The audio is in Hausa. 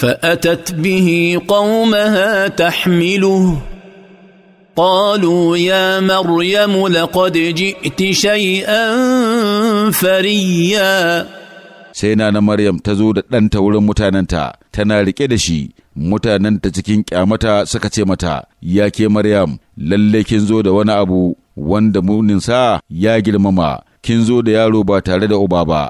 فاتت به قومها تحمله قالوا يا مريم لقد جئت شيئا فريا sai na Maryam ta zo da ɗanta wurin mutanenta tana riƙe da shi mutanenta cikin ƙyamata suka ce mata ya ke Maryam lallai kin zo da wani abu wanda muninsa ya girmama kin zo da yaro ba tare da uba ba